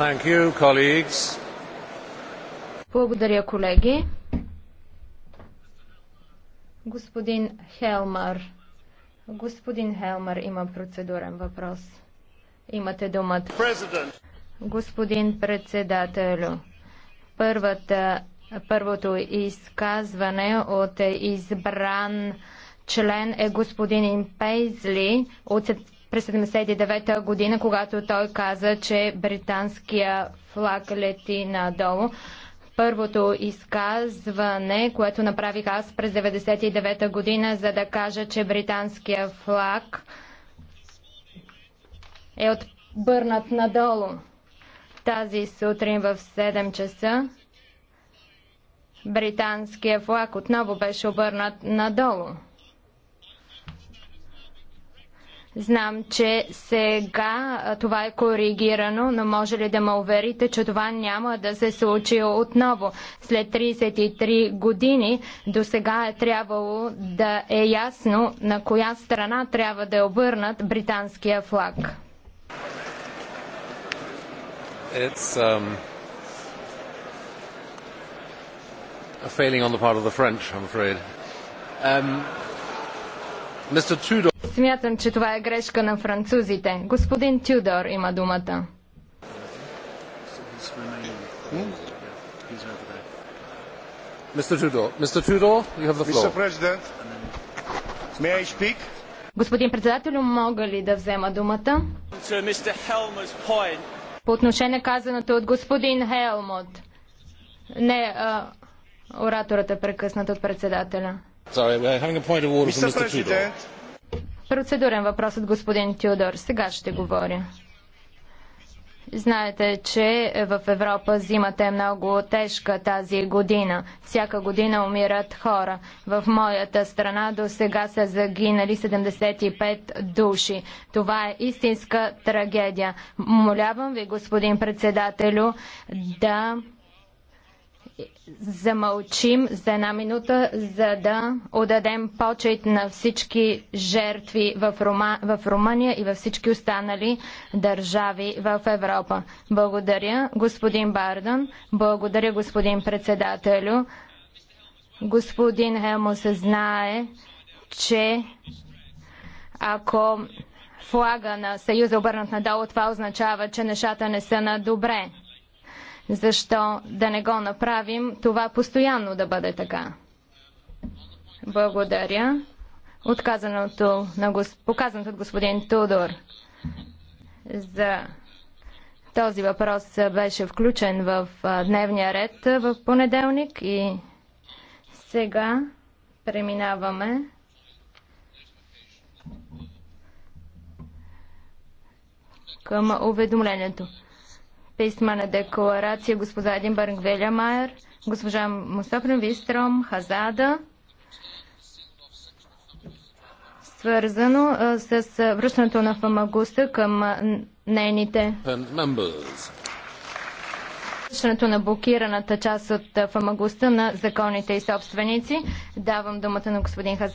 You, Благодаря, колеги. Господин Хелмар. Господин Хелмар има процедурен въпрос. Имате думата. President. Господин председателю, първата, първото изказване от избран член е господин Пейзли от през 79-та година, когато той каза, че британския флаг лети надолу. Първото изказване, което направих аз през 99-та година, за да кажа, че британския флаг е отбърнат надолу. Тази сутрин в 7 часа британския флаг отново беше обърнат надолу. Знам, че сега това е коригирано, но може ли да ме уверите, че това няма да се случи отново? След 33 години до сега е трябвало да е ясно на коя страна трябва да е обърнат британския флаг. It's, um... A failing on the part of the French, I'm afraid. Um, Mr. Смятам, че това е грешка на французите. Господин Тюдор има думата. Господин председател, мога ли да взема думата? По отношение казаното от господин Хелмот. Не, а, ораторът е прекъснат от председателя. Sorry, Процедурен въпрос от господин Тюдор. Сега ще говоря. Знаете, че в Европа зимата е много тежка тази година. Всяка година умират хора. В моята страна до сега са загинали 75 души. Това е истинска трагедия. Молявам ви, господин председателю, да замълчим за една минута, за да отдадем почет на всички жертви в, Рума, в Румъния и във всички останали държави в Европа. Благодаря, господин Бардан. Благодаря, господин председателю. Господин Хелмо се знае, че ако флага на Съюза обърнат надолу, това означава, че нещата не са на добре. Защо да не го направим това постоянно да бъде така? Благодаря. Отказаното на гос... Показаното от господин Тудор за този въпрос беше включен в дневния ред в понеделник и сега преминаваме към уведомлението писмена декларация госпожа Единбърг Велямайер, госпожа Мустафин Вистром, Хазада, свързано с връщането на Фамагуста към нейните връщането на блокираната част от Фамагуста на законните и собственици. Давам думата на господин Хазада.